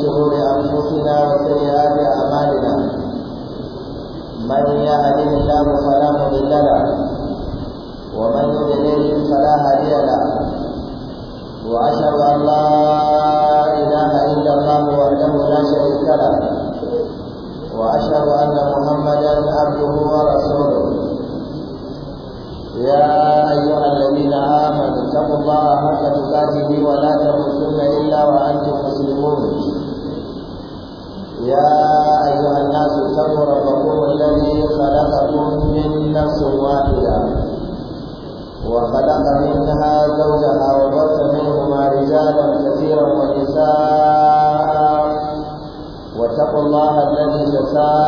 شرور أنفسنا وسيئات أعمالنا من يهده الله فلا مضل له الله الذي تساءل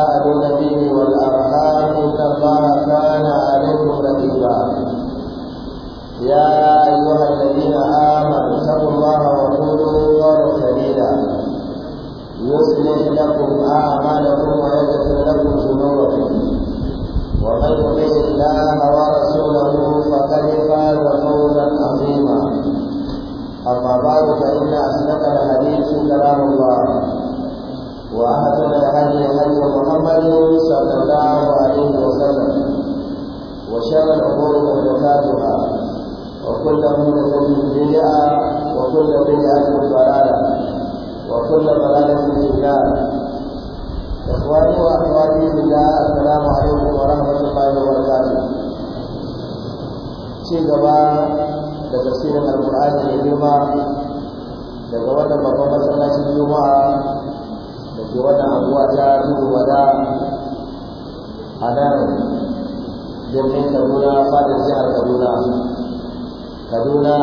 kaduna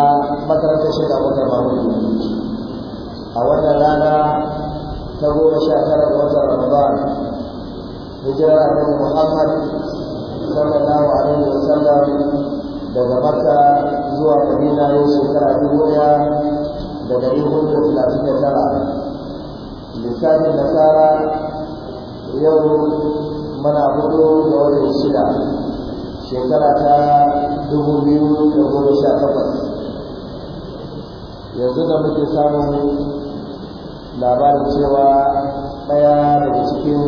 makarantar ta da wata mamu a wannan rana ta goma sha tara ga watan ramadan hijirar annabi muhammad sallallahu alaihi wa sallam daga makka zuwa madina yau shekara ta goma da ɗari hudu da talatin da tara lissafin nasara yau mana hudu da wata shida shekara ta dubu biyu da goma sha takwas yanzu da muke samun labarin cewa ɗaya daga cikin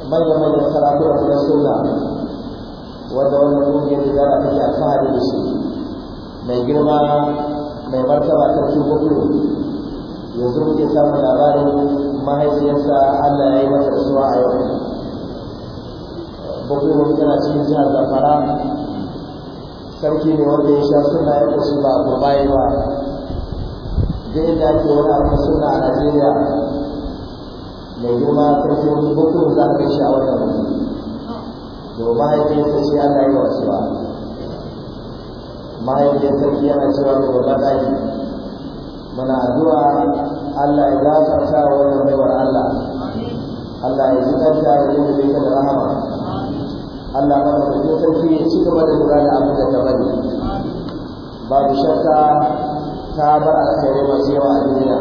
da manyan a na suna wanda wannan ƙungiyar zara take alfahari da shi mai girma mai martaba sarki gwamnati yanzu muke samun labarin mahaifiyarsa allah ya yi masa suwa a yau gwamnati tana cikin jihar zamfara sarki ne wanda ya sha suna ya kusa ba ku bayi ba zai da ke wani abin suna a najeriya mai girma sarki wani bukurin za ka shi a wannan wuri domin ta ce ana yi wa cewa mahaifin sarki yana cewa mai wadata yi muna addu'a Allah ya gafarta wani wannan baiwar Allah Allah ya ji kanta ya yi da rahama Allah ba da bakin sarki ne ci gaba da lura da abin da ta bari babu shakka ta a alkhairai masu yawa a duniya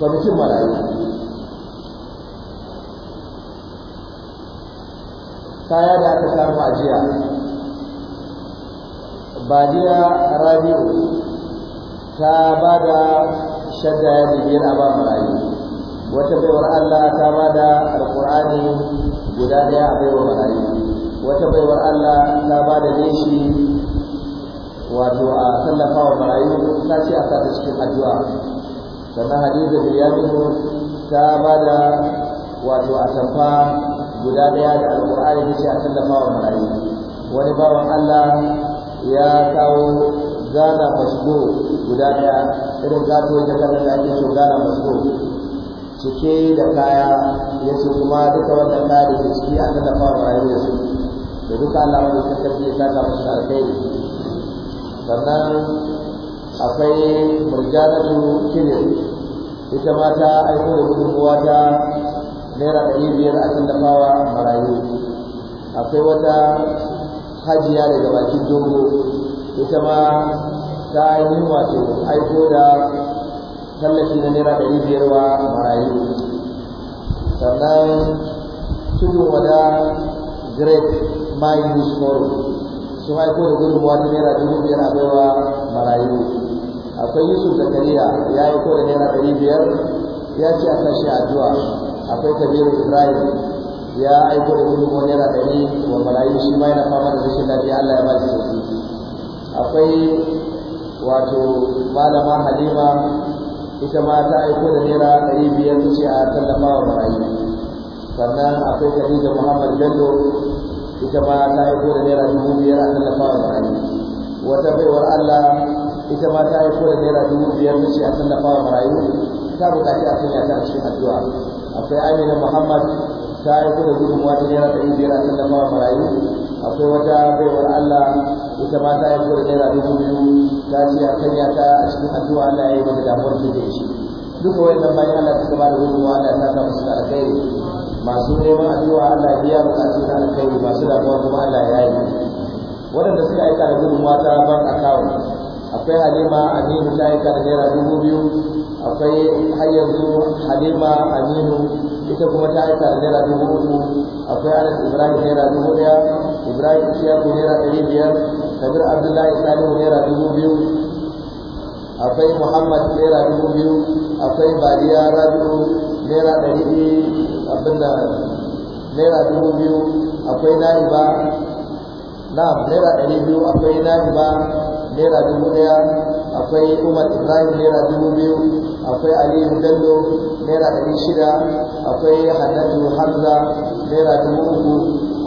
kwamitin marayu kaya da aka samu Ba jiya badiya rabi'u ta ba da shadda ya bibiyar a ba marayu wata baiwar Allah ta ba da alƙur'ani guda ɗaya a baiwar marayu wata baiwar Allah ta ba da leshi wato a tallafa wa marayu ta ce a sata cikin addu'a sannan hadiza bilyaminu ta ba da wato a tamfa guda ɗaya da alƙur'ani ta ce a tallafa wa marayu wani bawan Allah ya kawo gana fasgo guda ɗaya irin gato da kan da ake so gana fasgo cike da kaya ya ce kuma duka wannan kaya da ke ciki an dafa wa marayu su da duka Allah wanda ta tafi ya saka musu ne. sannan akwai murjanatu kine ita ma ta aiko da gudunmuwa ta naira ɗari biyar a dafa wa marayu akwai wata hajiya daga bakin dogo ita ma ta yi wato aiko da tallafi na naira ɗari biyar wa marayu sannan tudun wada great mind news forum su haiko da gudun wata naira dubu biyar a baiwa marayu akwai yusuf zakariya ya yi ko da naira ɗari biyar ya ce a sashi addu'a akwai kabiru ibrahim ya aiko da nera naira ɗari wa marayu shi ma na fama da rashin lafiya allah ya ba shi sauki akwai wato malama halima ita ma ta aiko da naira ɗari biyar ta ce a tallafa wa marayu sannan akwai khadija muhammad bello ita ma ta aiko da naira dubu biyar a tallafa wa marayu wata baiwar allah ita ma ta aiko da naira dubu biyar ta ce a tallafa wa marayu ta buƙaci a sanya ta cikin addu'a akwai amina muhammad ta aiko da gudunmuwa ta naira ɗari biyar a tallafa wa marayu akwai wata baiwar allah ita ma ta aiko da naira dubu biyu lafiya ce a kanya ta a cikin addu'a Allah ya yi mata damuwar da shi shi wai wannan bayan Allah ta gaba da gudunmawa Allah ta sa musu alkhairi masu neman addu'a Allah ya biya bukatun da alkhairi masu damuwa kuma Allah ya yi waɗanda suka aika da gudunmawa ta bank account akwai halima aminu ta aika da naira dubu biyu akwai har yanzu halima aminu ita kuma ta aika da naira dubu uku akwai anas ibrahim naira dubu daya ibrahim ishaku naira dari biyar kabir abdullahi salihu naira dubu biyu akwai muhammad naira dubu biyu akwai bariya rabi'u naira dari biyu abinda da naira dubu biyu akwai na'iba na naira dari biyu akwai na'iba naira dubu ɗaya akwai umar ibrahim naira dubu biyu akwai aliyu bello naira ɗari shida akwai haddadu hamza naira dubu uku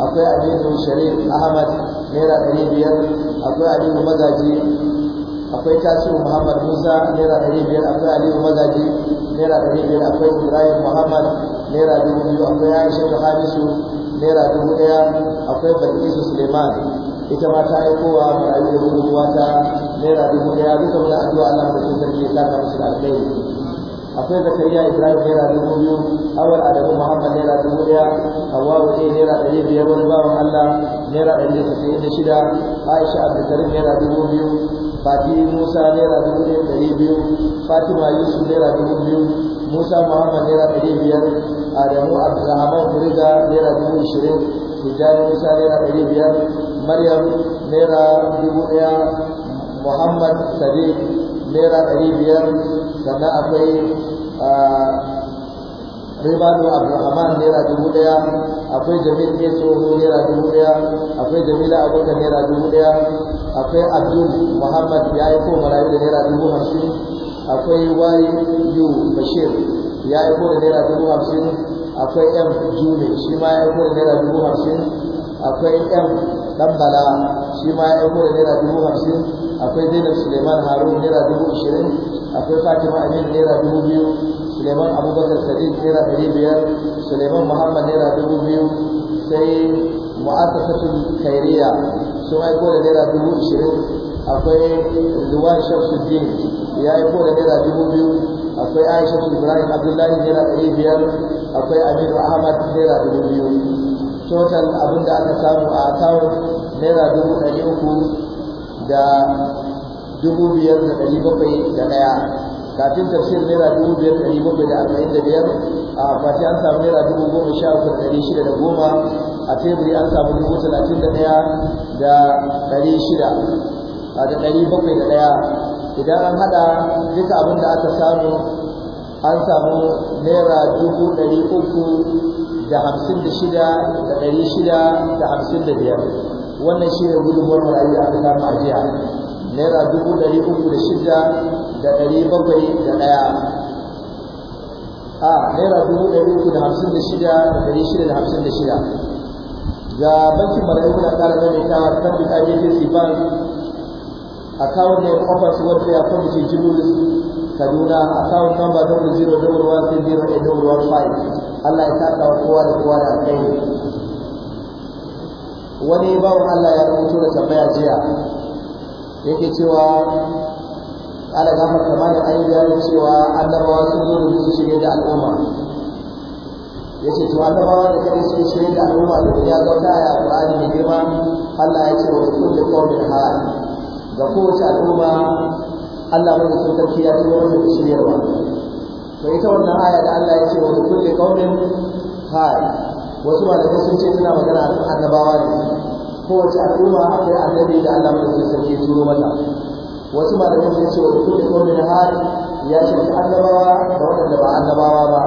akwai aminu sharif ahmad naira ɗari biyar akwai aliyu magaji akwai tasiru muhammad musa naira ɗari biyar akwai aliyu magaji naira ɗari biyar akwai ibrahim muhammad naira dubu biyu akwai aisha hamisu naira dubu ɗaya akwai balkisu suleiman ita ma ta aiko wa marayu da gudunmuwa ta naira dubu daya duka wani addu'a Allah mu cikin sarki ya saka musu da alheri akwai zakariya ibrahim naira dubu biyu awal adamu muhammad naira dubu daya Abuwa ɗaya naira ɗari biyar wani bawan allah naira ɗari da casa'in da shida aisha abdulkarim naira dubu biyu fati musa naira dubu ɗari biyu fatima yusuf naira dubu biyu musa muhammad naira ɗari biyar adamu abdulrahman furiga naira dubu ishirin hijjani musa naira ɗari biyar maryam naira dubu daya muhammad sadiq naira ɗari biyar sannan akwai ribadu abdulrahman naira dubu daya akwai jamil a tsoho naira dubu daya akwai jamila abokan naira dubu daya akwai abdul muhammad ya yi ko marayu da naira dubu hamsin akwai yu bashir ya yi ko nera naira dubu hamsin akwai m june shi ma ya yi ko naira dubu hamsin akwai yan ɗanbala shi ma ya ɗauko da naira dubu hamsin akwai zainab suleiman harun naira dubu ashirin akwai fatima amin naira dubu biyu suleiman abubakar sadiq naira ɗari biyar suleiman muhammad naira dubu biyu sai mu'assasatul khairiyya sun aiko da naira dubu ashirin akwai zuwan shamsuddin ya aiko da naira dubu biyu akwai aisha ibrahim abdullahi naira ɗari biyar akwai aminu ahmad naira dubu biyu total abin da aka samu a kawo naira dubu ɗari uku da dubu biyar da ɗari bakwai da ɗaya kafin tafsir naira dubu biyar ɗari bakwai da arba'in da biyar a akwati an samu naira dubu goma sha uku da ɗari shida da goma a teburi an samu dubu talatin da ɗaya da ɗari shida da ɗari bakwai da ɗaya idan an haɗa duka abin da aka samu an samu naira dubu ɗari uku da hamsin da shida da ɗari shida da hamsin da biyar wannan shi ne gudunmuwar marayu a kan ajiya naira dubu ɗari uku da shida da ɗari bakwai da ɗaya a naira dubu ɗari uku da hamsin da shida da ɗari shida da hamsin da shida ga bankin marayu muna ƙara maimaitawa kan duk abc bank account name offers welfare committee julus kaduna account number double zero double one three zero eight double one five Allah ya saka wa kowa da kowa da alkhairi wani bawo Allah ya rubuto da tambaya jiya yake cewa ala gama kamar an yi bayanin cewa annabawa sun zo da su shirye da al'umma yace to annabawa da kai su shirye da al'umma da ya ga ta yi Qur'ani mai girma Allah ya ce wa kullu qawmin ha ga kowace al'umma Allah mai tsarki ya tura masa shiryewa to ita wannan aya da Allah ya ce wa kulli qaumin hal wasu da sun ce suna magana annabawa ne wace al'umma akwai annabi da Allah ya ce sarki turo mata wasu da sun ce wa kulli qaumin hal ya ce annabawa da wanda ba annabawa ba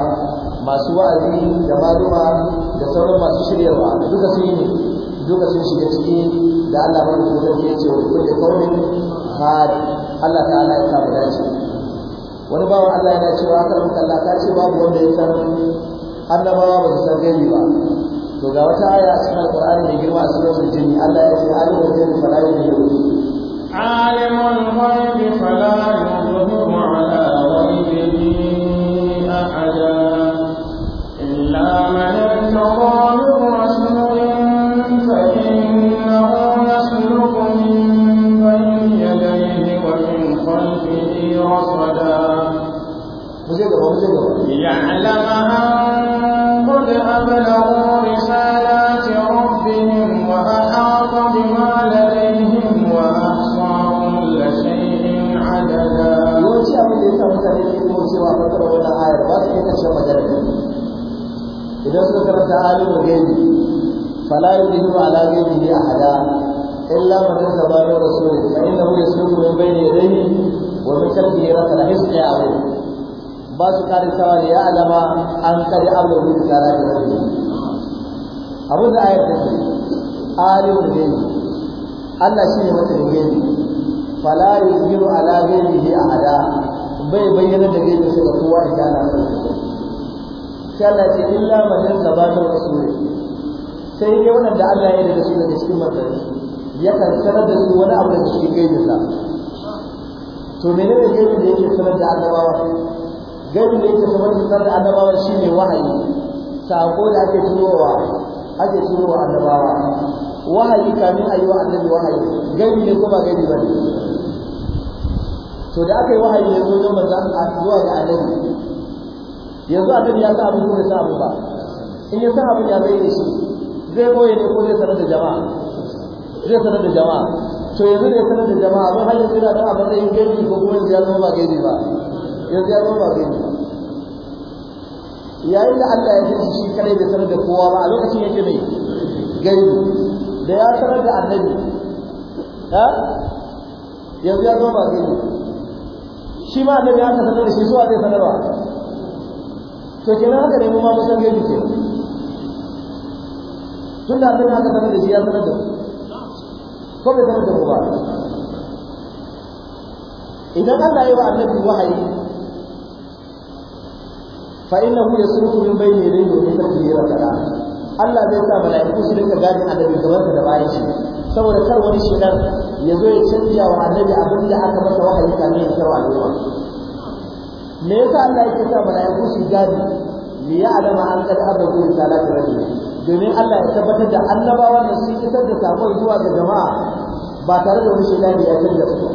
masu wa'azi da maduma da sauran masu shiryawa duka sun yi duka sun shiga ciki da Allah ya ce wa kulli qaumin hal Allah ta'ala ya samu dace wani bawa Allah yana cewa aka rubuta Allah ta ce babu wanda ya san annaba ba su san gani ba to ga wata aya a cikin alqur'ani mai girma a suratul jinni Allah ya ce alimul ghaibi fala yudhiru alimul ghaibi fala yudhiru ala ghaibihi ahada idan suka karanta alimul gaibi fala yudhiru ala ghaibihi ahada illa man tabarra rasulih fa innahu yasluku min bayni yadayhi wa min khalfihi ratan hisqa alayhi ba su karantawa da ya alama an kare abu da tsara da rabi abu da ayar take alimul gaibi Allah shi ne mata gaibi fala yuzhiru ala gaibihi ahada bai bayyana da gaibi sai ga kowa ya gana sai Allah ce illa ba zaba da rasuli sai dai wanda Allah ya yi da su daga cikin ya yakan sanar da su wani abu da cikin gaibinsa to menene gaibin da yake sanar da ba? gaibin da yake saboda isar da annabawa shine wahayi sako da ake turowa ake turowa annabawa wahayi kamin ayi wa annabi wahayi gaibi ne ko ba gaibi ba ne to da aka yi wahayi ne don don a zuwa ga annabi yanzu annabi ya sa abin ko ya sa abu ba in ya sa abin ya zai shi zai boye ne ko zai sanar da jama'a zai sanar da jama'a to yanzu da ya sanar da jama'a abin da yanzu yana da yin matsayin gaibi ko kuma ya zama ba gaibi ba yanzu ya zama ba gaibi yayin da Allah ya san shi kare da sanar da kowa ba a lokacin yake mai gaibi da ya sanar da annabi ha yanzu ya zo ba gaibi shi ma annabi ya sanar da shi zuwa zai sanarwa to kenan haka ne mu ma musan gaibi ke tun da annabi aka sanar da shi ya sanar da ko bai sanar da ku ba idan Allah ya yi wa annabi wahayi fa innahu yasruku min bayni yadayhi wa min khalfihi rasala Allah zai sa mala'iku su rinka gadi a gaban sa da bayan shi saboda kar wani shedan ya zo ya canja wa annabi abin da aka masa wahayi kamin ya karwa al'umma me yasa Allah yake sa mala'iku su gadi li ya'lama an qad abadu risalati rabbi domin Allah ya tabbatar da annabawa da su isar da sakon zuwa ga jama'a ba tare da wani shedani ya canja su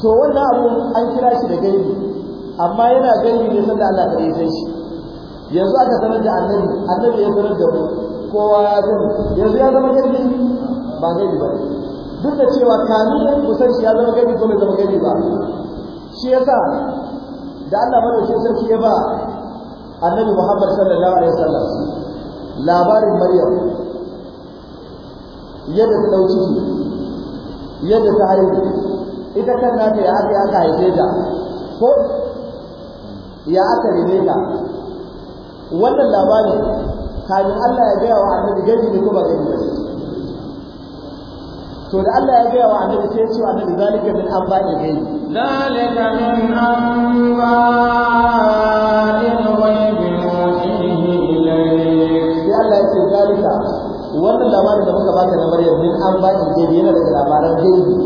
to wannan abu an kira shi da gaibi amma yana gani ne sanda Allah ya yi shi yanzu aka sanar da annabi annabi ya sanar da mu kowa ya zama yanzu ya zama gani ba gani ba duk da cewa ku kusan shi ya zama gani ko bai zama gani ba shi yasa da Allah madaukakin sarki ya ba annabi Muhammad sallallahu alaihi wasallam labarin Maryam yadda ta dauki yadda ta haihu ita kan nake ya aka aka haife ta ko ya aka rene ka wannan labarin kamin Allah ya gaya wa annabi gari ne ko ba gari ba to da Allah ya gaya wa annabi sai ya ce wa annabi zalika min amba'il ghaib zalika min amba'il ghaib nuhihi ilayk sai Allah ya ce zalika wannan labarin da muka baka na Maryam min amba'il ghaib yana da labaran gaibi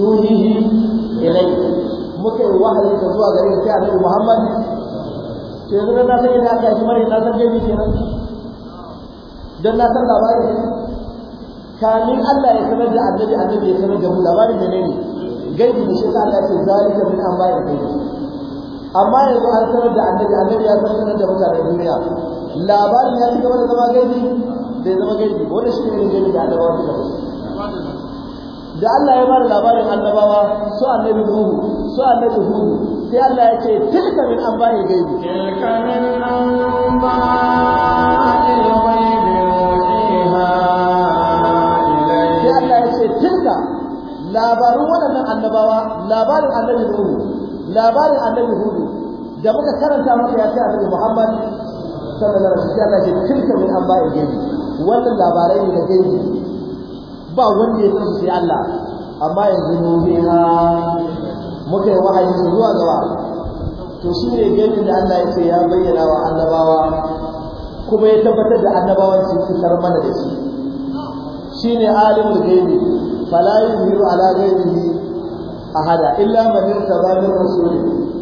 nuhihi ilayk muka yi wahayi da zuwa gare sai annabi Muhammad to yanzu na sai da aka shi mare na san dai kenan dan na san labarin kamin Allah ya sanar da annabi annabi ya sanar da mu labarin da ne gaibi ne shi ka Allah ce zalika min amba'il gaibi amma yanzu an sanar da annabi annabi ya sanar da mutanen duniya labarin ya ci gaba da zama gaibi da zama gaibi wannan shi ne gaibi da annabawa da faɗi da Allah ya bada labarin annabawa su annabi Nuhu su annabi Hud sai Allah ya ce tilka min anba'i gaibi tilka min anba'i gaibi sai Allah ya ce tilka labarin wannan annabawa labarin annabi Nuhu labarin annabi Hud da muka karanta muka ya ce annabi Muhammad sallallahu alaihi wasallam ya ce tilka min anba'i gaibi wannan labarai ne da gaibi ba wanda ya san su sai Allah amma yanzu biha muka yi wahayi zuwa gaba to su ne gani da Allah ya ce ya bayyana wa annabawa kuma ya tabbatar da annabawan sun fitar mana da shi shine alimul gaibi fala yuhiru ala gaibihi ahada illa man irtaba min rasul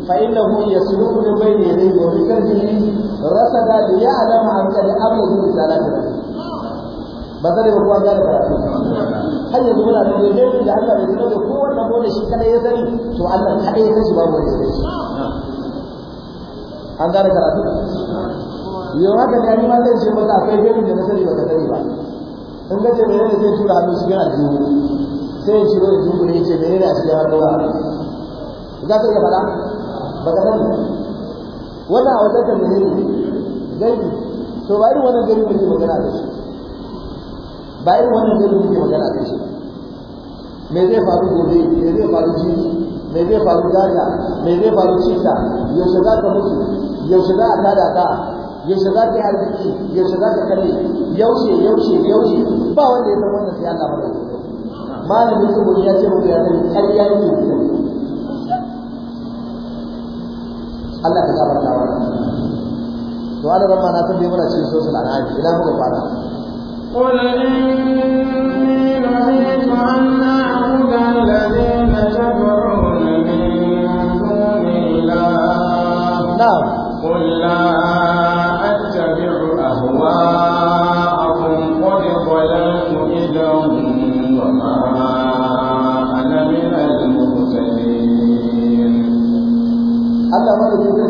fa innahu yasluku min bayni yadayhi wa min khalfihi rasada li ya'lama an qad ablaga risalatahu ba zai ba kowa gane karatu har yanzu muna da yanzu da Allah bai sanar da ko da kowa shi kada ya sani to Allah kada ya sani babu wani sai an gane karatu yau haka ne ni ma zai ce maka akwai gani da na sani ba ka sani ba in ka ce menene zai tura hannu shi yana jiwo sai ya shiro ya jiwo ne ya ce menene a cikin hannu za ka iya faɗa ba ka sani wannan a wajen da menene gani to ba irin wannan gani muke magana da shi ba irin wannan zai ke magana kai shi me zai faru gobe me zai faru ji me zai faru gaza me zai faru cita yaushe za ka mutu yaushe za a tada ka yaushe za ka arziki yaushe za ka kare yaushe yaushe yaushe ba wanda ya san wannan sai Allah madaukakin malamin saboda ya ce mu ya san ƙarya yake Allah ka gafarta wa to Allah ramma na tambaye mana cikin sosul al'adi ina muka fara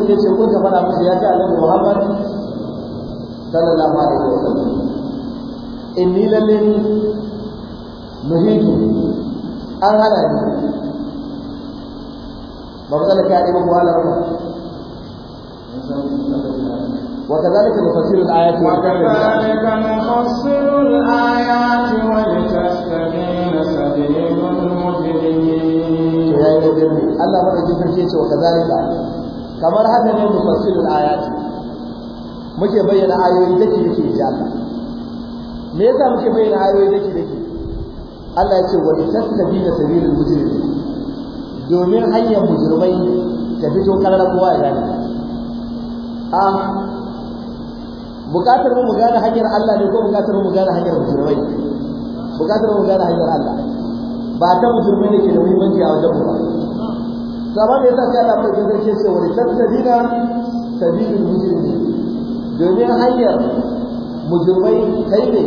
ke ce kun ta fara musu ya ce alaikum muhammad sallallahu alaihi wa sallam inni lalle ni nuhitu an hana ni ba ku tsallaka ya ɗaya wahala ba وكذلك نفسر الآيات وكذلك نفسر الآيات ولتستبين سبيل المجرمين يا يدري الله ما يجي فرشيش وكذلك كما هذا نفسر الآيات muke bayyana ayoyi dake yake ji Allah me yasa muke bayyana ayoyi dake dake Allah ya ce wa na sabilul mujrimin domin hanyar mujrimai ta fito karar kowa ya gane a bukatar mu gane hanyar Allah ne ko bukatar mu gane hanyar mujrimai bukatar mu gane hanyar Allah ba ta mujrimai ne ke da muhimmanci a wajen mu ba sama me yasa sai Allah ya ce wa tastabina sabilul mujrimin domin hanyar mujirmai kai ne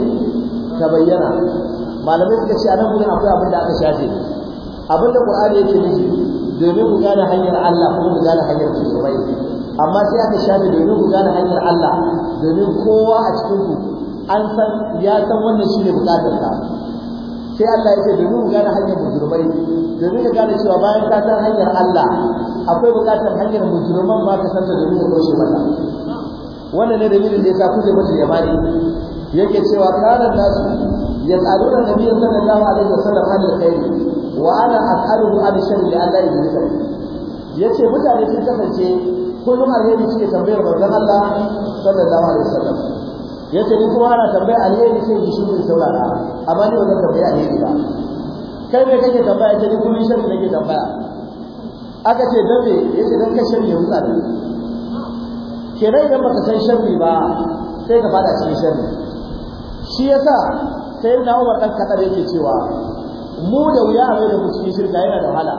ta bayyana malamai suka ce anan gudun akwai abin da aka shafe abin da qur'ani yake nufi domin ku gane hanyar Allah kuma ku gane hanyar mujirmai amma sai aka shafe domin ku gane hanyar Allah domin kowa a cikin ku an san ya san wannan ne buƙatar ka sai Allah ya ce domin ku gane hanyar mujirmai domin ka gane cewa bayan ka san hanyar Allah akwai bukatar hanyar mujirman ma ka san ta domin ka koshe mata wannan ne da dalilin da ya kuje ya bari yake cewa kana nasu da nabi sallallahu alaihi wasallam an alkhair wa ana as'aluhu an sharri Allah ya zikr yace mutane sun kasance kullum alheri suke tambayar manzon Allah sallallahu alaihi wasallam yace ni kuma ana tambaya alheri sai ji shi mun saurara amma ni wannan tambaya alheri ba kai me kake tambaya ta ni kullum sharri nake tambaya aka ce dan me yace dan kashin sharri ya mutsa kenan idan baka san sharri ba sai ka fada cikin sharri shi yasa sai na Umar dan kadar yake cewa mu da wuya a da mu cikin shirka yana da wahala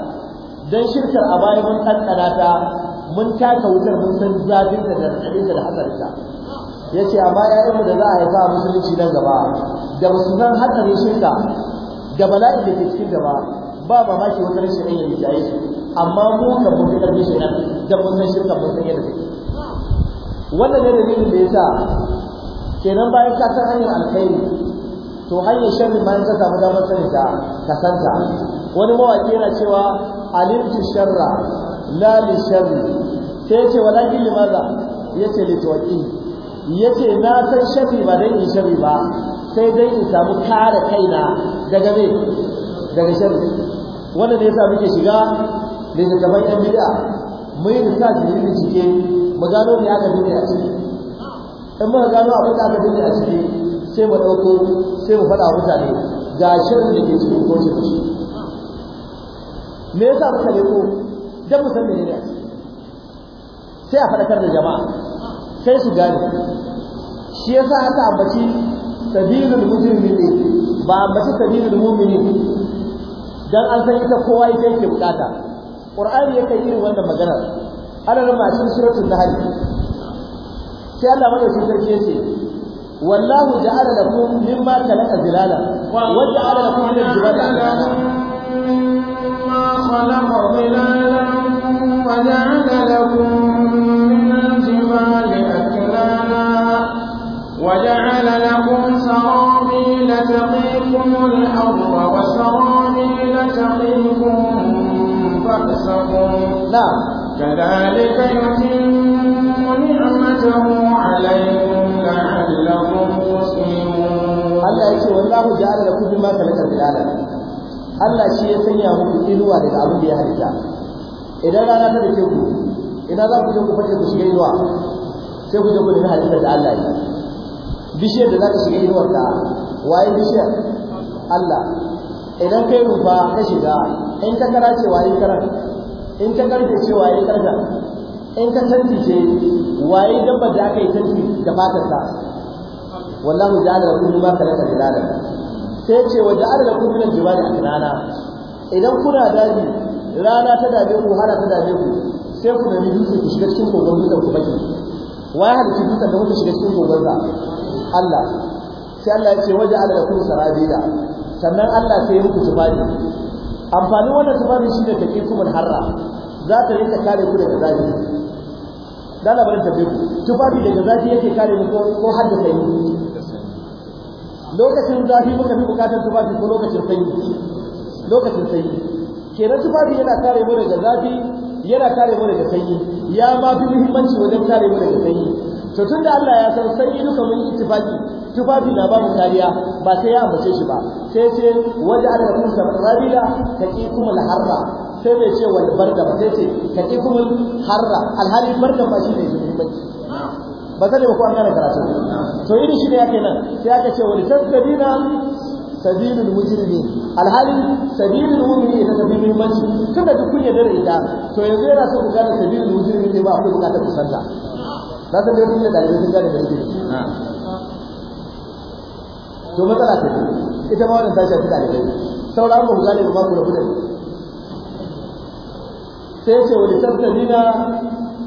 dan shirkar a baya mun kankana ta mun taka wutar mun san zafin da dadin da hasarinta yace amma yayin da za a haifa a musulunci nan gaba da ba su san hadarin shirka da bala'i da ke cikin gaba ba wutar wata yayin da jayi amma mu kan mun fitar da shi da mun san shirka mun san yadda take wannan ne da nufin da ya yasa kenan bayan ka san hanyar alkhairi to hanyar sharri bayan ka samu damar sani ta ka wani mawaki yana cewa alimtu sharra la li sharri sai yace walakin limaza ce li Ya ce na san sharri ba dan in sharri ba sai dai in samu kare kaina daga me daga sharri wannan ne yasa muke shiga da zaman yan bid'a mu yi sa jirgin yi bincike mu gano me aka dole a ciki in muka gano abin da aka dole a ciki sai mu ɗauko sai mu faɗa mutane ga shirin da ke cikin ko da shi me yasa muka leko dan mu san menene a ciki sai a faɗakar da jama'a sai su gane shi yasa aka ambaci sabilul mujrimin ne ba ambaci sabilul mu'minin dan an san ita kowa yake bukata qur'ani yake irin wannan maganar ana nan ma cikin suratul nahl sai Allah mai su sarki yace wallahu ja'ala lakum mimma khalaqa zilala wa ja'ala lakum min jibala mimma khalaqa zilala wa ja'ala lakum min al-jibali aklala wa ja'ala lakum sarabila taqikum al-ardha wa sarabila taqikum ba'sakum na'am كذلك يتم نعمته عليكم لعلكم تسلمون الله يقول والله جعل لكم مما خلق في العالم Allah shi ya sanya muku inuwa daga abin da ya halitta idan rana ta dake ku idan za ku je ku fake ku shiga inuwa sai ku je ku nemi halitta da Allah ya bishiyar da za ka shiga inuwar ta waye bishiyar Allah idan kai rufa ka shiga in ta karace waye karan in ta karfe ce waye karfe in ka tanti ce waye dabba da aka yi tanti da fatar sa wallahu ja'ala lakum ma khalaqa zilalan sai ce wa ja'ala lakum min al-jibali akrana idan kuna daji rana ta dabe ku hana ta dabe ku sai ku nemi dutse ku shiga cikin kogon dutsen ku baki waye ki dutsen da kuka shiga cikin kogon sa Allah sai Allah ya ce waje Allah da kuma sarabila sannan Allah sai ya muku tufafi amfanin wannan tufafi shi ne take kuma harra za ta rinka kare ku daga zafi dalabar tafi ku tufafi daga zafi yake kare ku ko har da kai lokacin zafi muka fi bukatar tufafi ko lokacin sanyi lokacin sanyi kenan tufafi yana kare mu daga zafi yana kare mu daga sanyi ya ma fi muhimmanci wajen kare mu daga sanyi to tunda Allah ya san sanyi duka mun yi tufafi tufafi na babu kariya ba sai ya ambace shi ba sai ce waje an da kusa rabila kuma harra sai bai ce wal barda ba sai ce kuma harra alhali barda ba shi ne muhimmanci ba sai ba ko an gane karatu to irin shi ne yake nan sai aka ce wal tasbina sabilul mujrimin alhali sabilul mu'mini ita tafi muhimmanci tunda duk kun yarda da ita to yanzu yana so ku gane sabilul mujrimin ne ba akwai bukatar kusanta na san dai kun yarda da ita gane da ita to matsala ta ita ma wannan ta shafi ɗalibai sauran ba ku gane ba ku da kudin sai ce wani tattalina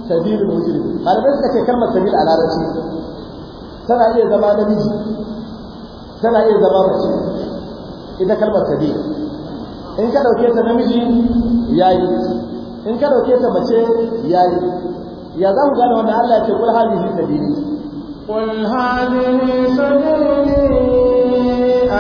sabilul mujrim malamai suka ce kalmar sabil a larabci tana iya zama namiji tana iya zama mace ita kalmar sabil in ka dauke ta namiji yayi in ka dauke ta mace yayi ya za ku gane wanda Allah ya ce kul hadhihi sabili kul hadhihi sabili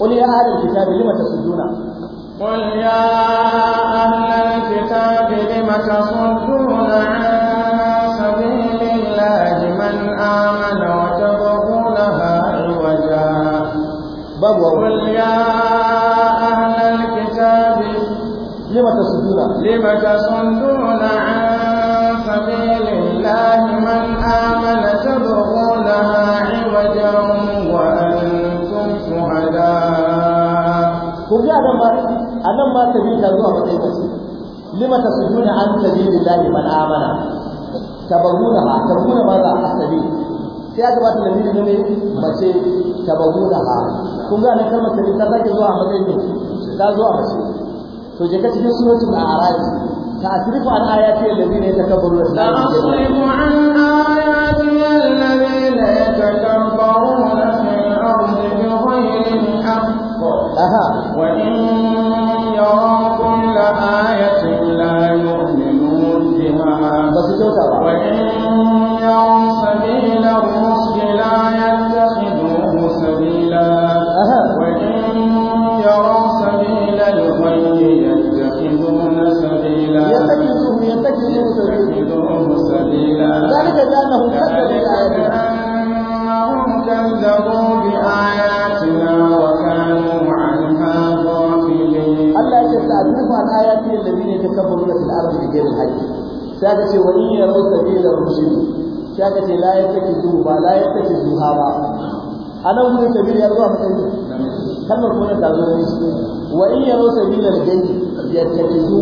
قل يا أهل الكتاب لم تصدون قل يا أهل الكتاب لم تصدون عن سبيل الله من آمن وتبغونها عوجا قل يا أهل الكتاب لم تصدون لم تصدون عن سبيل الله من آمن تبغونها عوجا kun ji anan ma anan ma tabi ta zuwa matsayin kasu lima tasujuna an sabilillahi man amana tabaruna ha tabaruna ba za a sabi sai ya gabata da mini ne mace tabaruna ha kun ga nan kalmar tabi ta sake zuwa matsayin ne ta zuwa mace to je ka cikin suratul a'raf ta asrifu an ayati alladhina yatakabbaruna ta asrifu an ayati alladhina yatakabbaruna أها وإن يراكم لآية لا يؤمنون بها بس جوتا وإن يروا سبيل الرسل لا يتخذوه سبيلا أها وإن يروا سبيل الغي يتخذون سبيلا يتخذوه يتخذون سبيلا ذلك بأنهم كذبوا الآية كذبوا bil haji sai ka ce wa in yaraw sabila rushd sai ka ce la yattakizu ba la yattakizu ha ba nan gudun sabila ya zuwa mutane kalmar kuma ta zo ne wa in yaraw sabila al-gayy yattakizu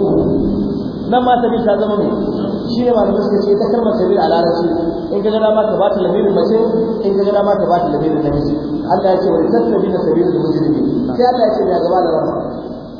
nan ma sabil ta zama mai shi ne malamin suka ce ta kalmar sabil a larabci in ka gana ma ka ta lamirin mace in ka gana ma ka ta lamirin namiji Allah ya ce wani tattabi na sabil al-mujrimi sai Allah ya ce ya gaba da wannan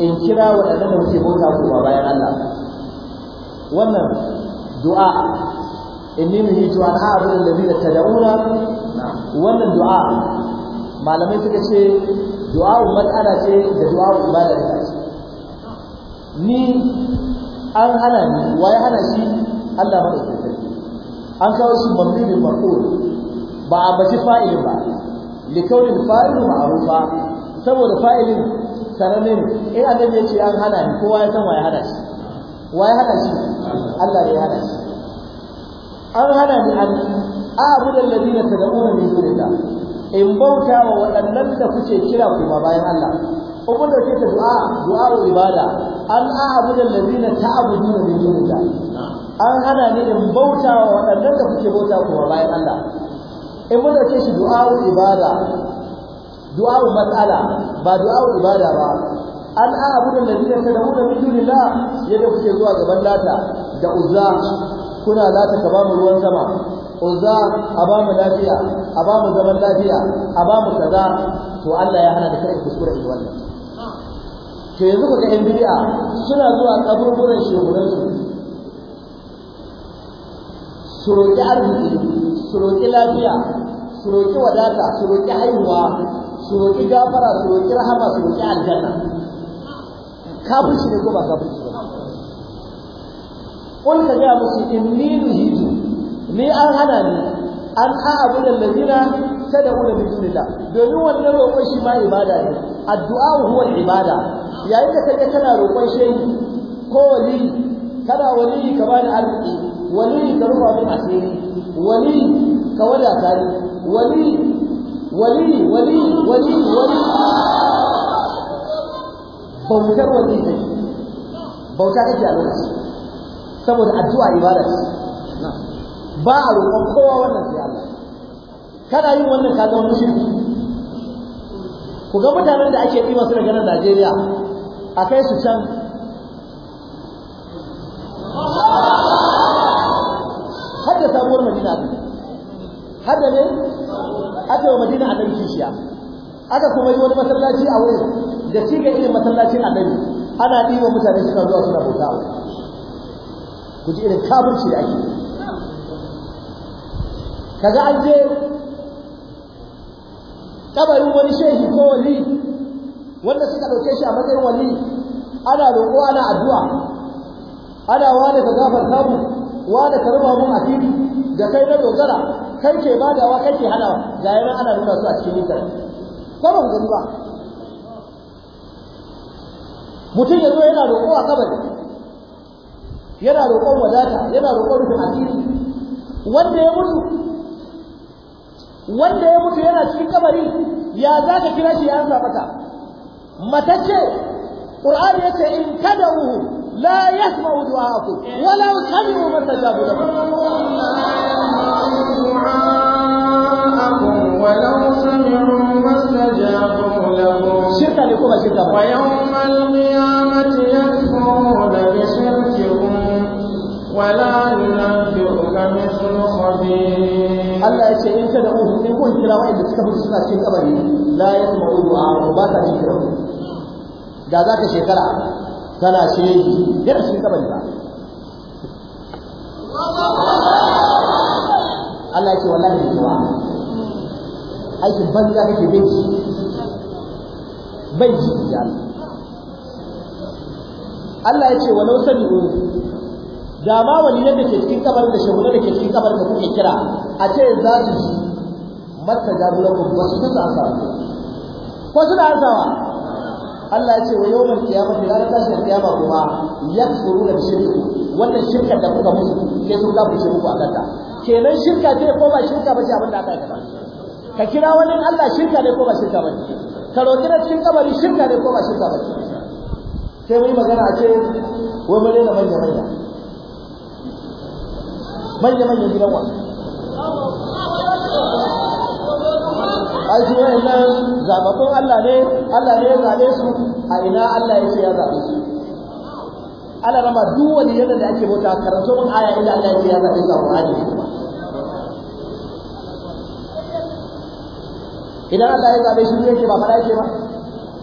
in kira waɗannan da muke bauta kuma bayan Allah wannan du'a inni nuhitu an a'budu alladhina tad'una wannan du'a malamai suka ce du'a mas'ala ce da du'a ibada da ce ni an hana ni waye hana shi Allah madaukakin an kawo shi mamli bil maqul ba a baci fa'il ba likawlil fa'il ma'rufa saboda fa'ilin sananne ne in annabi ya ce an hana ni kowa ya san waye ya shi Waye hada shi Allah ne ya hada shi an hana ni an abu da ladina ne min ta, in bauta wa waɗannan da kuke kira kuma bayan Allah ubun da ke du'a du'a ibada an abu da ladina ne min ta an hana ni in bauta wa waɗannan da kuke bauta kuma bayan Allah in mun ke shi du'a ibada du'a matsala ba du'a ibada ba an a abu da ladina kadamu da bidunillah yadda kuke zuwa gaban lata da uzza kuna lata ka ba mu ruwan sama uzza a ba mu lafiya a ba mu zaman lafiya a ba mu kaza to Allah ya hana da kai kuskure da wannan to yanzu ku ga yan bid'a suna zuwa kaburburan su su roƙi arziki su roƙi lafiya su roƙi wadata su roƙi haihuwa su roƙi gafara su roƙi rahama su roƙi aljanna kafirci ne ko ba kafirci ba kun ka gaya musu inni nuhitu ni an hana ni an a'budu allazina tad'una min dunillah domin wannan roƙon shi ma ibada ne addu'a huwa ibada yayin da kake kana roƙon shi ko wali kana wali ka bani arziki wali ka rufa min asiri wali ka wada ni wali wali wali wali wali bautar wali ne bauta kake a lokaci saboda addu'a ibada ce ba a roƙon kowa wannan sai Allah kana yin wannan ka zama mushriki ku ga mutanen da ake ɗiba su daga nan Najeriya a kai su can har da sabuwar Madina har da ne aka yi madina a ɗan kishiya aka kuma yi wani masallaci a wurin da shi ga irin masallacin annabi ana ɗiwa mutane suna zuwa suna bauta a wurin ku ji irin kafirci da ake kaga an je kabarin wani shehi ko wali wanda suka ɗauke shi a matsayin wali ana roƙo ana addu'a ana wane ka gafarta mu wane ka ruba mun asiri da kai na dogara kai ke badawa kai ke hana ga yana ana nuna su a cikin mutane ko ba gani ba mutum ya zo yana roƙo a kabari yana roƙon wadata yana roƙon rufin asiri wanda ya mutu wanda ya mutu yana cikin kabari ya za ka kira shi ya amsa maka matacce ya ce in tad'uhu la yasma'u du'aakum wa law sami'u ma tajabu lahu ويوم القيامة يكفرون بشرككم ولا ينبئك مثل خبير Allah ya ce in ka da uhu in kun kira wa'anda suka suna cikin kabari la yasma'u du'a ba ta jin da za ka shekara kana shehi yana cikin kabari ba Allah ya ce wallahi da ce ba aikin banza kake bai ci bai ci ya Allah ya ce walau sami'u da ma wani ne ke cikin kabar da shehu da ke cikin kabar da kuke kira a ce za su ji masa jarulan ku ba su ta sa ko suna asawa Allah ya ce wa yawmal da ranar tashin qiyama kuma yakfuruna da shirku wannan shirka da kuka musu sai sun gafarce shirku a kanta kenan shirka ce ko ba shirka ba ce abin da aka yi ka kira wani Allah shirka ne ko ba shirka ba ce ka roƙi na cikin kabari shirka ne ko ba shirka ba ce sai mun magana a ce wai mun rena manya manya manya manya gidan wa ai su nan zaɓaɓɓun Allah ne Allah ne ya zaɓe su a ina Allah ya ce ya zaɓe su ala rama duk wani yadda da ake bauta karanto mun aya inda Allah ya zabe sa Qur'ani idan Allah ya zabe shi yake ba fara yake ba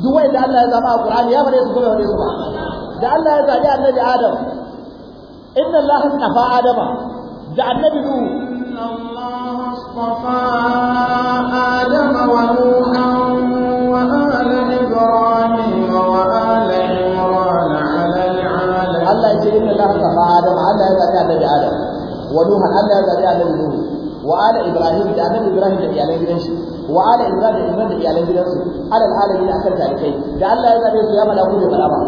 duk wani da Allah ya zaba a Qur'ani ya bare su gobe wani su ba da Allah ya zabe annabi Adam inna Allah astafa Adama da annabi Nuhu inna Allah astafa Adama wa Nuhu adama Allah ya zaɓi annabi adam wa nuhan Allah ya zaɓi annabi nuhu wa ala ibrahim da annabi ibrahim da iyalan gidan shi wa ala da imran da iyalan gidan su alal alamin akan tarikai da Allah ya zaɓe su ya faɗa da bai ba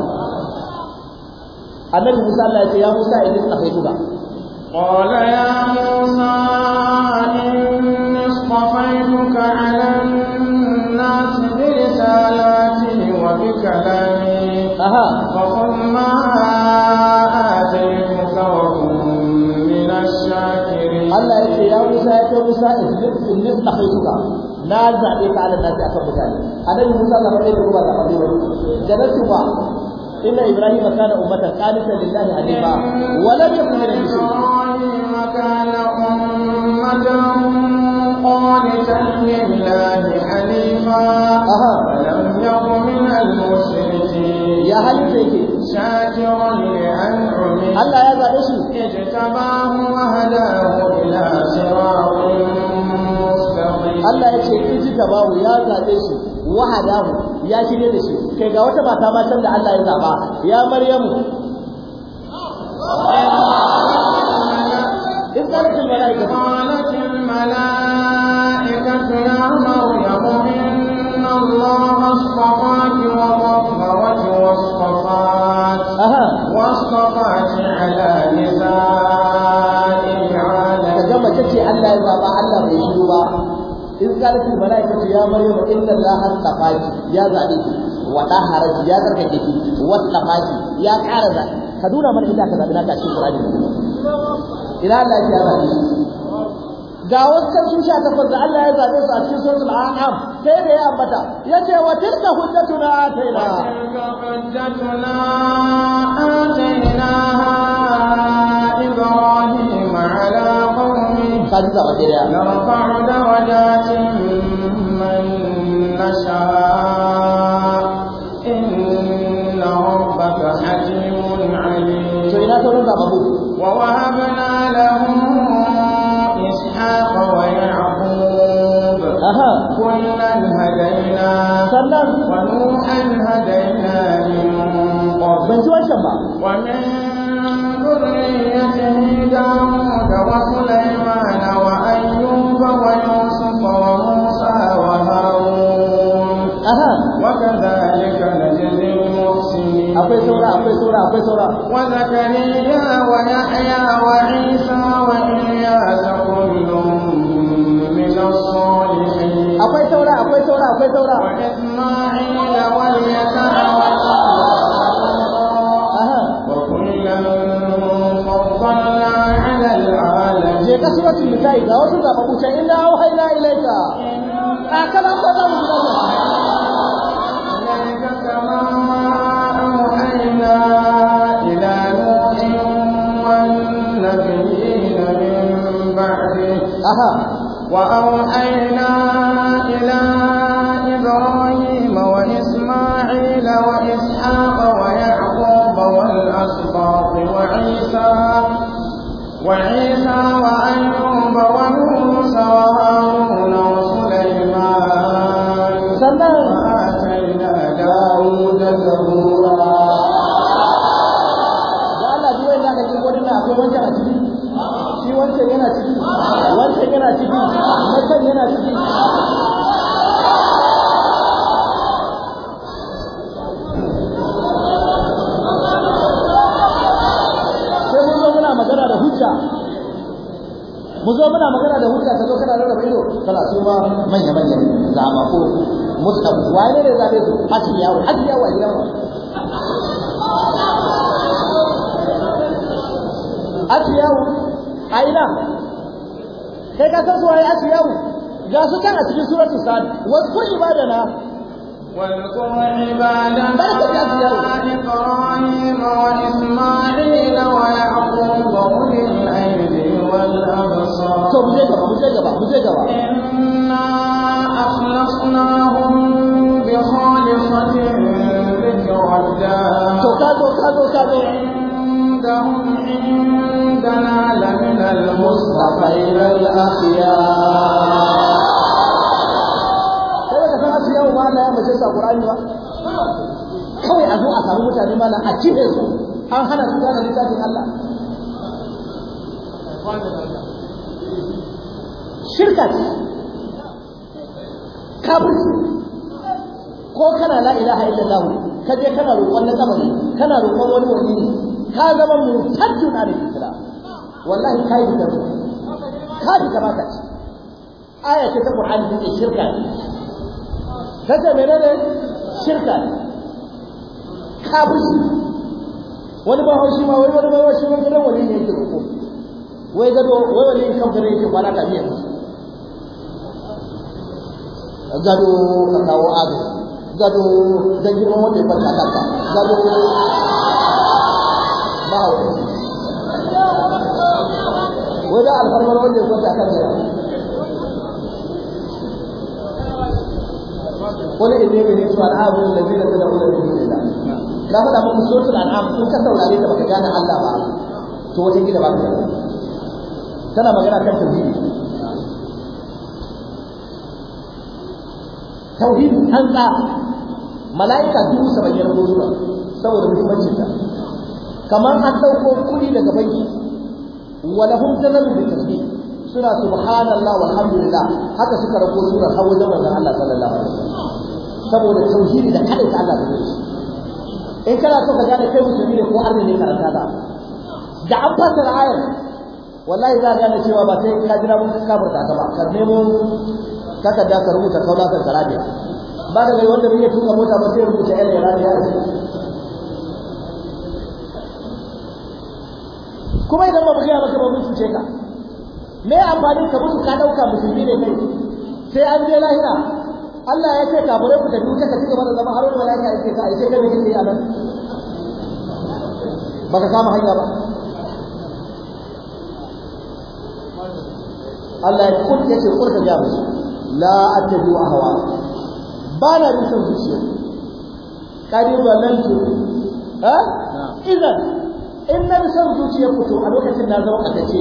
annabi Musa Allah ya ce ya Musa idin afaituka qala ya Musa النصف خيطك نازع بك على الناس أكبر أنا يموسى الله قلت لكم هذا قبيل جلت ما إن إبراهيم كان أمة كانت لله حنيفا ولم يكن من المشرك إبراهيم كان أمة قانتا لله حنيفا ولم يكن من المشركين يا هل شاكرا لأنعمه هلا هذا اجتباه وهداه إلى صراط Allah ya ce ijita babu ya zabe shi wahadahu ya shirye da shi kai ga wata mata ma da Allah ya zaba ya maryamu إذ قالت الملائكة قالت الملائكة يا مريم إن الله اصطفاك وطهرك واصطفاك واصطفاك على نساء العالمين. تجمع تشي الله يبقى in qalat al malaikatu ya maryam inna allaha astafaki ya zabe ki wa dahara ya tsarkake ki wa astafaki ya ƙara zabe ka duna mana inda ka zabe na ka cikin qur'ani ila Allah ya zabe ga wasu tushe takwas da Allah ya zabe su a cikin suratul an'am sai da ya ambata yace wa tilka hujjatuna ataina tilka hujjatuna ataina ibrahim ala qaumi kadza wa dirya درجات من نشاء إن ربك حكيم عليم ووهبنا له إسحاق ويعقوب كلا هدينا ونوحا هدينا من قبل ويسرا وزكريا ويحيى وعيسى وإلياس كل من الصالحين أقوي سورة أقوي سورة أقوي سورة وإسماعيل واليسع وكلا فضلنا على العالمين جئت سورة النساء إذا وصلت فقلت إنا أوحينا إليك هكذا فضل الله وأوحينا tana su ma manya manyan zama ko musnaf wane ne zabe su ya wa hasbi ya wa ya wa gidan ya wa aina kai ka san su wai ya wa ga su kan a cikin suratu sad wa wadkur ibadana واذكر عبادنا إبراهيم وإسماعيل ويعقوب أولي الأيدي to mu gaba mu gaba mu gaba to ka to ka to ka Dahun indana lamina al-musa fayyar al-akiya. Kai da Kawai a zo a samu mutane mana a cire su an hana su gane littafin Allah. shirka ce kafirci ko kana la ilaha illallah ka je kana roƙon na kabari kana roƙon wani wani ne ka zama murtaddun ala islam wallahi kai da ka ji gaba ka ci aya ce ta qur'ani da ke shirka ne kace menene shirka ne kafirci wani ba haushi ma wani wani ba haushi wani wani ne yake roƙo wai gado wai wani in yake kwana ka biya gado ka kawo ado gado zan girma wanda ya farka kanka gado ba hawa wai da alfarmar wanda ya kwanta kan gado قل إني من اسم da na تدعون من دون الله لا بد من سورة الأنعام كنت تولى لك to wajen gida ba ka yi tana magana kan tauhidi tauhidi an ka mala'ika dubu saba'in ko zuwa saboda muhimmancin ta kamar an dauko kuɗi daga banki wala hum tanalu bi tasbih suna subhanallah walhamdulillah haka suka rako sura har wajen manzon Allah sallallahu alaihi wasallam saboda tauhidi da kada Allah da shi in kana so ka gane kai musulmi ne ko arni ne karanta da da an fasara ayar wallahi za ka gane cewa ba sai ka jira mun kafirta ka ba ka nemo da ka rubuta kaula ka karabe ba da wanda bai tuka mota ba sai rubuta ne yana ya kuma idan ba mu ba ka ba mun cuce ka me amfanin ka mutu ka dauka musulmi ne kai sai an je lahira Allah ya ce kafirai ku tafi duka ka ci gaba da zama har wani mala'ika ya ce ka ai sai ne bi yi ya nan baka kama hanya ba Allah ya kun yace kun ka gaba la attabu ahwa ba na bi son zuciya kadi zalantu ha idan in na son zuciya fito a lokacin na zama kakace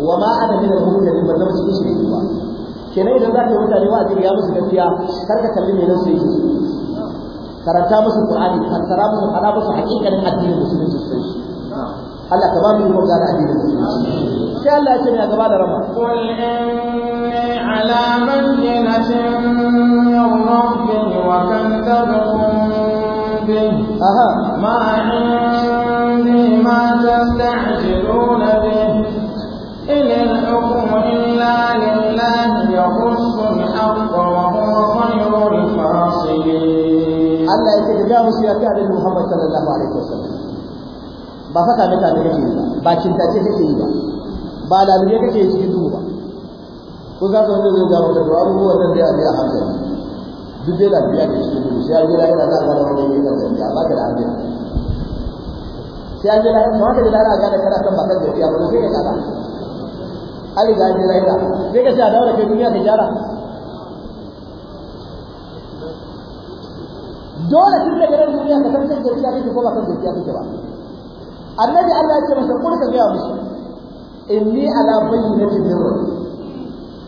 wa ma ana min al-mukmin ban zama cikin shirki ba kenan idan za ka yi mutane wa ya musu gaskiya kar ka kalli mai nan sai yake karanta musu qur'ani fassara musu fada musu hakikanin addinin musulunci sosai. Allah ka ba mu yi magana addinin musulunci sai Allah ya ce mai gaba da rama qul inni ala bayyinatin min rabbi wa kadzabu aha ma indi ma tasta'jilun bi in al-hukmu illa lillahi yaqussu al-haqqa wa huwa khayrul fasilin Allah ya ce ga musu ya ta da Muhammad sallallahu alaihi wasallam ba fata da ta ba ba cinta ce take yi ba ba lalube kake cikin duhu ba ko za ka wanda zai gano da ruwa ko wannan dai a biya hankali duk dai lafiya ke cikin duhu sai an gida yana za a gano wani da tafiya ba ka da hankali sai an gida yana kamata gida yana gane kana kan bakan tafiya ba sai ka gada Ali ga an gida yana sai ka ce a dawo da kai duniya ka gyara dole tun daga nan duniya ka san kan ka kake ko ba kan gaskiya kake ba annabi Allah ya ce masa kun ka ga musu inni ala bayyinati min rabbi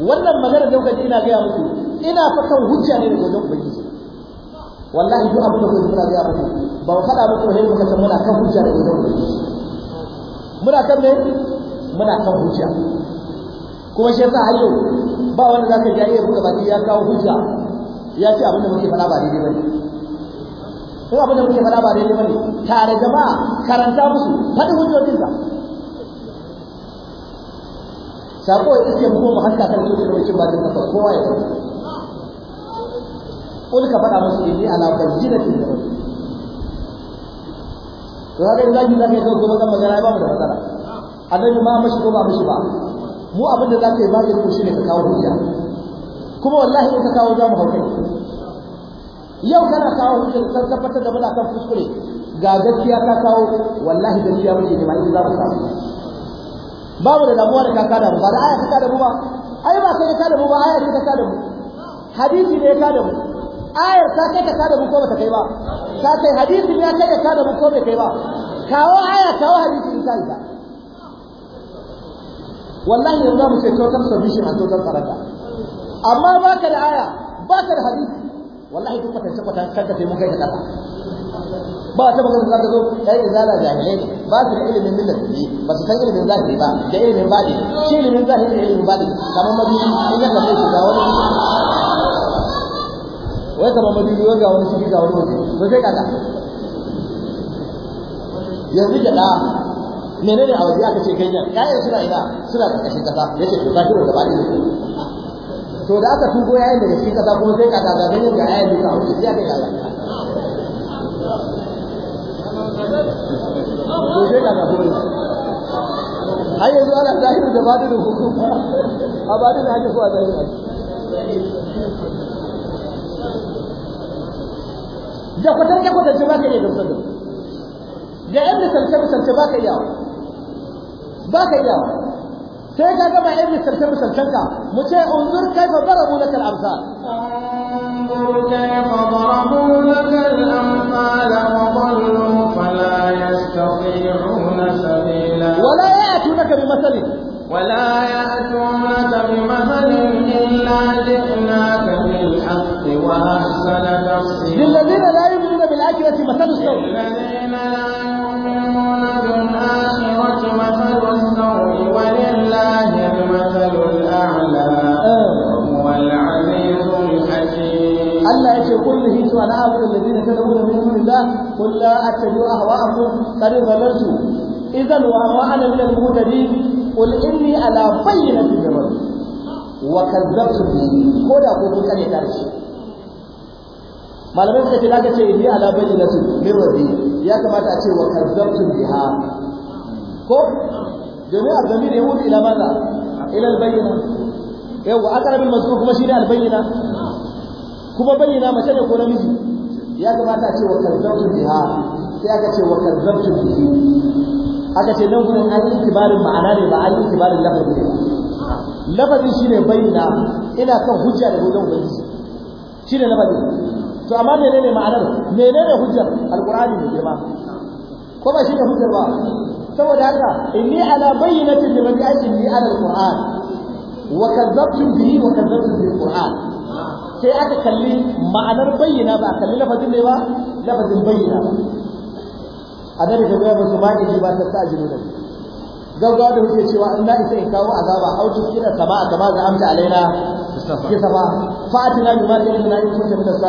wannan magana da kuke ina gaya muku ina fatan hujja ne daga wajen ubangiji wallahi duk abin da kuke ina gaya muku ba ku faɗa muku hin kuka san muna kan hujja daga wajen ubangiji muna kan me muna kan hujja kuma shi yasa har ba wanda zaka ji ya ba baki ya kawo hujja ya ce abin da muke faɗa ba daidai bane ko abin da muke faɗa ba daidai bane tare jama'a karanta musu hujjojin hujjojinsa sako ya iske mu mu haska kan cikin lokacin bakin kasa kowa ya san ko ka faɗa musu inni ala bayyinatin min rabbi to ga in zaki zaka yi gobe kan magana ba mu da matsala annabi ma mashi ko ba mashi ba mu abin da zaka yi ba ku shine ka kawo hujja kuma wallahi in ka kawo hujja mu hauke yau kana kawo hujja ka fata da muna kan kuskure ga gaskiya ka kawo wallahi gaskiya muke ne ma in za mu samu babu da damuwa da ka da mu ba da aya ta kada mu ba ai ba sai ka kada mu ba aya ce ta kada mu hadisi ne ya kada mu aya ta kai ka kada mu ko ba ta kai ba ta kai hadisi ne ya kai ka kada mu ko bai kai ba kawo aya kawo hadisi ne sai ta wallahi yanzu mu sai total submission a total baraka amma baka da aya baka da hadisi wallahi duk ka tace ka tace mun kai ka kada ba wata magana za ta zo da, izala jahilai ne ba su da ilimin millar ne ba su san ilimin zahiri ba da ilimin baɗi shi ilimin zahiri da ilimin baɗi kamar mabiyi in ya kalle shi ga wani wai kamar mabiyi wai ga wani shi ga wani mutum to sai kaga yanzu gyaɗa menene a waje aka ce kai nan ƴaƴan suna ina suna ƙarƙashin ya ce to zaki da ba ɗin to da aka tugo yayin daga shi kasa kuma sai kaga ga ne ga ƴaƴan da a waje ya kai yi gobe ga gabori har yanzu ana zahiri da bada da a bada da haka zahiri da ya kwatance ba ka iya gamsar da ga yan misalce misalce ba ka iya ba ka iya sai ka gama yan misalce misalcen ka mu ce unzur kai fa darabu lakal amsal unzur kai fa darabu lakal amsal wa يأتونك بمثل ولا يأتونك بمثل إلا جئناك بالحق وأحسن تفسير للذين لا يؤمنون بالآخرة مثل السوء للذين لا يؤمنون بالآخرة مثل السوء ولله المثل الأعلى وهو آه. العزيز الحكيم الا يقول له أنا أعبد الذين كذبوا من دون الله قل لا أتبع أهواءكم قد ضللت idan wa ana min al-mutadi qul inni ala bayyinatin min rabbi wa kazzabtu bihi ko da ko kun kare karshe malamai suka ce daga ce inni ala bayyinatin min rabbi ya kamata a ce wa kazzabtu biha ko domin al-zamir ya wuce ila maza ila al-bayyina yawa aqrabul mazkur kuma shi ne al-bayyina kuma bayyana mace ne ko namiji ya kamata a ce wa kazzabtu biha sai aka ce wa kazzabtu bihi aka ce nan gurin an yi kibarin ma'ana ne ba an yi kibarin lafazi ne lafazi shine bayyana ina kan hujja da wajen ubangiji shine lafazi to amma menene ma'anar menene hujjar alqur'ani ne girma ko ba shine hujjar ba saboda haka inni ala bayyinatin min rajaitin ni ala alqur'an wa kadzabtum bihi wa kadzabtum bil qur'an sai aka kalli ma'anar bayyana ba kalli lafazin ne ba lafazin bayyana ba. annabi da zai musu ba da ba ta sa jiru da gaggawa da kuke cewa in na isa in kawo azaba au tu kira sama kama za amsa alaina ki saba. fa atina bi ma ta'lamu na in kuntum min as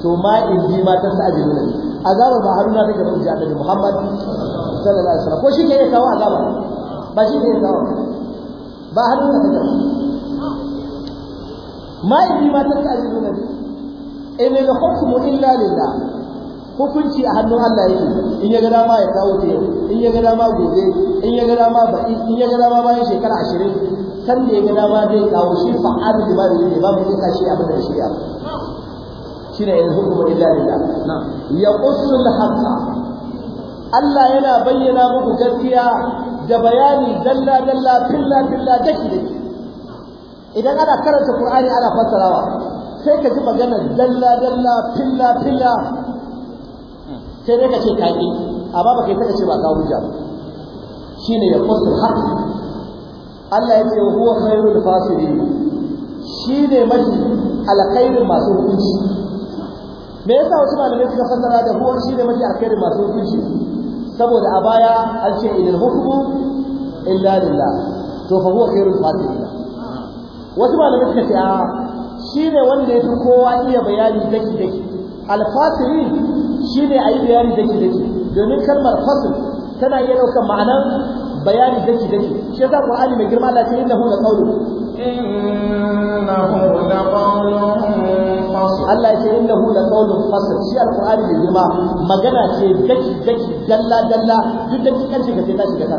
to ma in bi ma ta sa jiru da azaba ba haruna take ba ji da muhammad sallallahu alaihi wasallam ko shi ke kawo azaba ba shi ke kawo ba haruna take ma in bi ma ta sa jiru da in in khawfu illa lillah hukunci a hannun Allah yake in ya ga dama ya kawo ta yau in ya ga dama gobe in ya ga dama ba in ya ga dama bayan shekara ashirin san da ya ga dama zai kawo shi abu da babu ne babu yi kashi abin da shi ne yanzu kuma illa lillah ya qusul haqa Allah yana bayyana muku gaskiya da bayani dalla dalla filla filla daki daki idan ana karanta Qur'ani ana fassarawa sai ka ji magana dalla dalla filla filla sai dai ka ce ka ki amma ba kai ta ce ba ka hujja ba shine ya fassara haq Allah ya ce huwa khairul fasirin shine mafi alkhairin masu hukunci me yasa wasu malamai suka fassara da huwa shine mafi alkhairin masu hukunci saboda a baya an ce idan hukmu illa lillah to fa huwa khairul fasirin wasu malamai suka ce a shine wanda ya fi kowa iya bayani daki daki alfasirin shi ne a yi bayani daki daki domin kalmar fasl tana iya ɗaukar ma'anar bayani daki daki shi yasa qur'ani mai girma da ce innahu la qawlu innahu la Allah ya ce innahu la qawlu fasl shi alqur'ani mai girma magana ce daki daki dalla dalla duk daki kan shiga sai ka shiga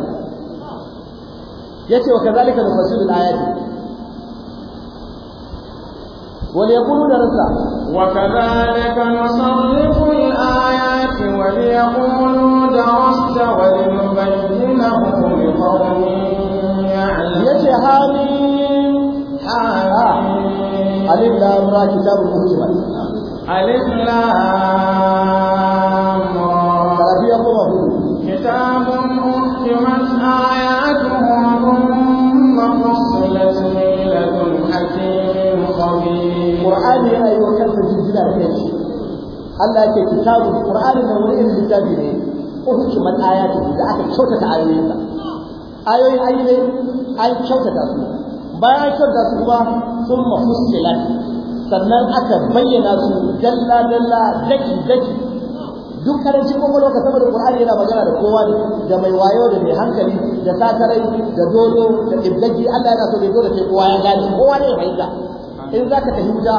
Ya ce wa kazalika nufasilu alayati وليقولوا درسا وكذلك نصرف الآيات وليقولوا درست ولنبينه لقوم يعلمون يجي حامين ألف لا را كتاب المهجمة ألف لا كتاب أحكمت آيات Allah yake kitabu Qur'ani da wani irin littafi ne uhukimat ayati da aka kyautata ta ayoyin an yi ne an kyautata su bayan kyauta su kuma sun mafussilat sannan aka bayyana su dalla dalla daki daki duk karancin kwakwalwa ka saboda Qur'ani yana magana da kowa ne da mai wayo da mai hankali da sakarai da dodo da ibdaji Allah yana so da dole sai kowa ya gane kowa ne ya fahimta in zaka fahimta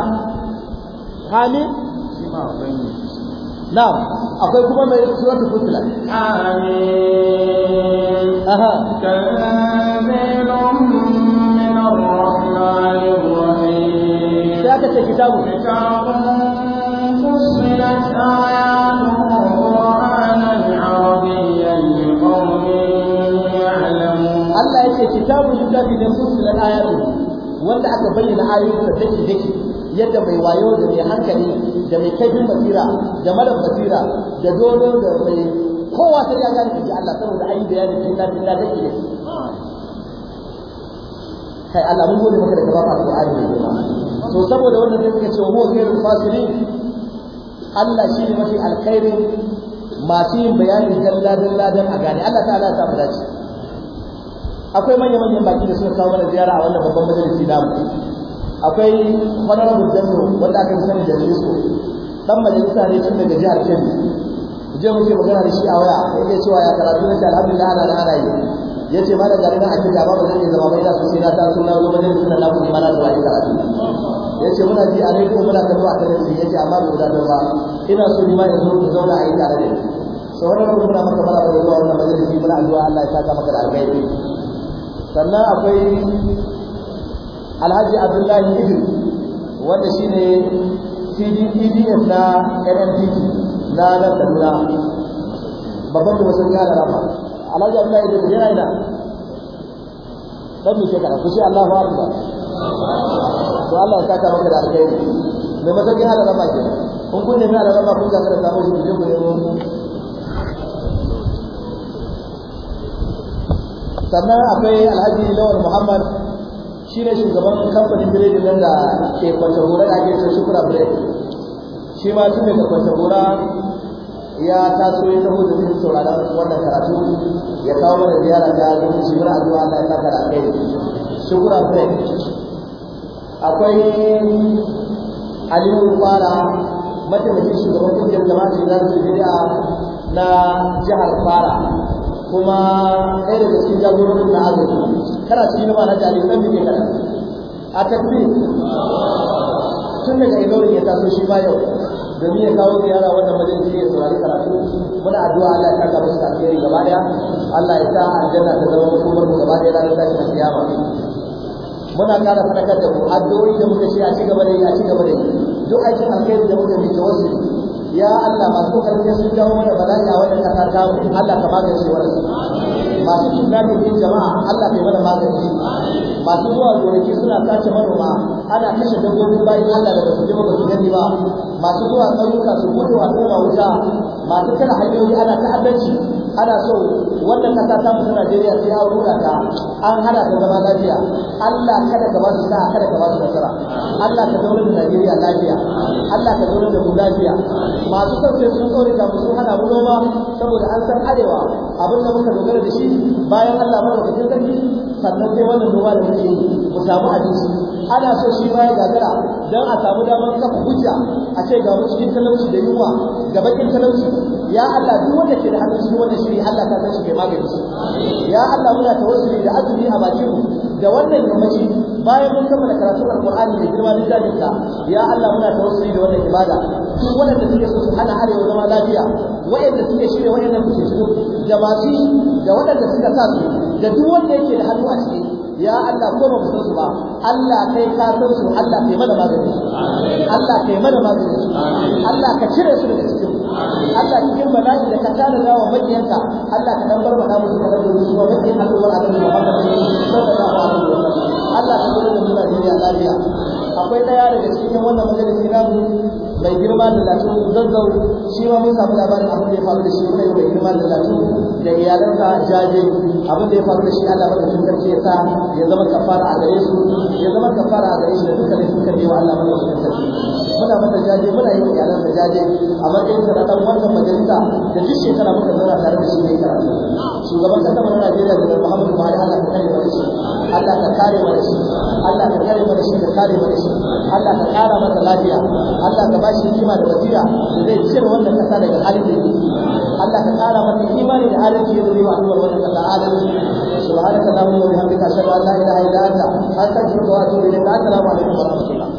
kamin na'am akwai kuma mai suratul fusilat amin aha tanzilun min ar-rahmanir ce kitabun Allah littafi da wanda aka bayyana ayoyin da take yadda mai wayo da mai hankali da mai kaifin basira da mara basira da dodo da mai kowa sai ya gane kiji Allah saboda ayi da billa billa take da shi kai Allah mun gode maka da ka baka Qur'ani ne to saboda wannan ne suka ce mu khairul fasili Allah shi ne mafi alkhairin masu yin bayanin dalla ladan dan a gane Allah ta ya samu dace akwai manya manyan baki da suka kawo mana ziyara a wannan babban majalisi damu. akwai honorable bello wanda aka sani da jesu dan majalisa ne tun daga jihar kebbi je muke magana da shi a waya yake cewa ya karatu na da ana da ana yi ya ce ma da gari na ake gaba ba zai iya zama mai da su sai na ta suna zo bane suna na kuma na zuwa yin karatu ya ce muna ji a rediyo muna kallo a su ya ce amma bai wadatar ba ina so ni ma ya zo in zauna a yi tare da ni sauran kuma muna maka mara bai zuwa wannan majalisi muna zuwa Allah ya saka maka da alkhairi sannan akwai alhaji abdullahi idris wanda shi ne cdpds e na nnpp na nan nuna babban da wasu gane rafa alhaji abdullahi idris yana ina dan mu shekara ku ce allahu akbar to allah ya saka maka da alkhairi mai masa gane rafa ke kun kun nemi rafa kun zaka da samu shi ku je sannan akwai alhaji lawal muhammad shi ne shugaban kamfanin biredi nan da ke kwantagora da ake shukura bread shi ma tun daga kwantagora ya taso ya taho da zai sauraron wannan karatu ya kawo mana ziyara ta zuci muna addu'a Allah ya saka da kai shukura bread akwai Aliyu Fara mataimakin shugaban kungiyar jama'a da zai na jihar Fara kuma ɗaya daga cikin jagororin na agaji kana cikin na jari ɗan biyu kana a tafi tun daga ilorin ya taso shi ba yau domin ya kawo wanda wannan majalisi ya saurari karatu muna addu'a Allah ya saka musu alheri gaba daya Allah ya sa aljanna ta zama hukumar mu gaba daya ranar tashin kiyama muna kara fadakar da mu addu'o'i da muka ce a ci gaba da yi a ci gaba da yi duk aikin alheri da muka yi wasu ya Allah masu karfi sun jawo mana bala'i a wannan kasar ta Allah ka magance shi masu cuta da jama'a Allah ka yi mana magance masu zuwa gonaki suna sace manoma ana kashe dabbobin bayan Allah da su ji ba su gani ba masu zuwa tsaruka su gode wa al'umma wuta masu kana hanyoyi ana ta'addanci ana so wannan kasa ta mutu Najeriya sai an rura ta an hada ta zama lafiya Allah kada ka ba su sa, kada ka ba su nasara Allah ka zaune da Najeriya lafiya Allah ka zaune da mu lafiya masu sauke sun tsore ta musu hana mu noma saboda an san arewa abin da muka dogara da shi bayan Allah da madaukakin sarki sannan sai wannan noma da muke yi mu samu abinci ana so shi ma ya gagara dan a samu damar kafa hujja a ce ga mu cikin talauci da yunwa ga bakin talauci ya Allah duk wanda ke da hannun shi wanda shi Allah ta san shi kai magani ya Allah muna tawassuli da azumi a bakin mu da wannan yammaci bayan mun kammala karatun alqur'ani da girma da jami'a ya Allah muna tawassuli da wannan ibada su waɗanda suke so su hana arewa zama lafiya waɗanda suke shirya waɗannan fitattu da masu yi da waɗanda suka sa su da duk wanda yake da hannu a ciki ya Allah ko ba san su ba Allah kai ka san su Allah kai mana magani Allah kai mana magani Allah ka cire su daga cikin Allah cikin bala'i da ka tana da wa majiyanka Allah ka dambar ba namu da rabu su ba majiyan al'ummar annabi Muhammad sallallahu alaihi wasallam Allah ka magana da mu Najeriya lafiya akwai daya daga cikin wannan majalisi namu mai girma da latin zazzau shi ma mun samu labarin abin da ya faru da shi mai mai girma da lati da iyalansa jaje abin da ya faru da shi Allah madaukakin sarki ya sa ya zama kafara a gare su ya zama kafara a gare shi da dukkan su kan yi wa Allah madaukakin sarki muna mata jaje muna yi wa iyalan da jaje a matsayin sa na wannan majalisa da duk shekara muka zara tare da shi ne karatu shugaban kasa na Najeriya da Muhammadu Buhari Allah ka kare mana shi Allah ka kare mana shi Allah ka kare mana shi ka kare mana shi Allah ka kara mata lafiya Allah ka bashi kima da wasiya da zai cire wannan kasa daga halin da yake Allah ka kara mata imani da halin da yake wa al'ummar wannan kasa adalci subhanaka allahumma wa bihamdika ashhadu an la ilaha illa anta astaghfiruka wa atubu ilayk assalamu alaikum wa rahmatullah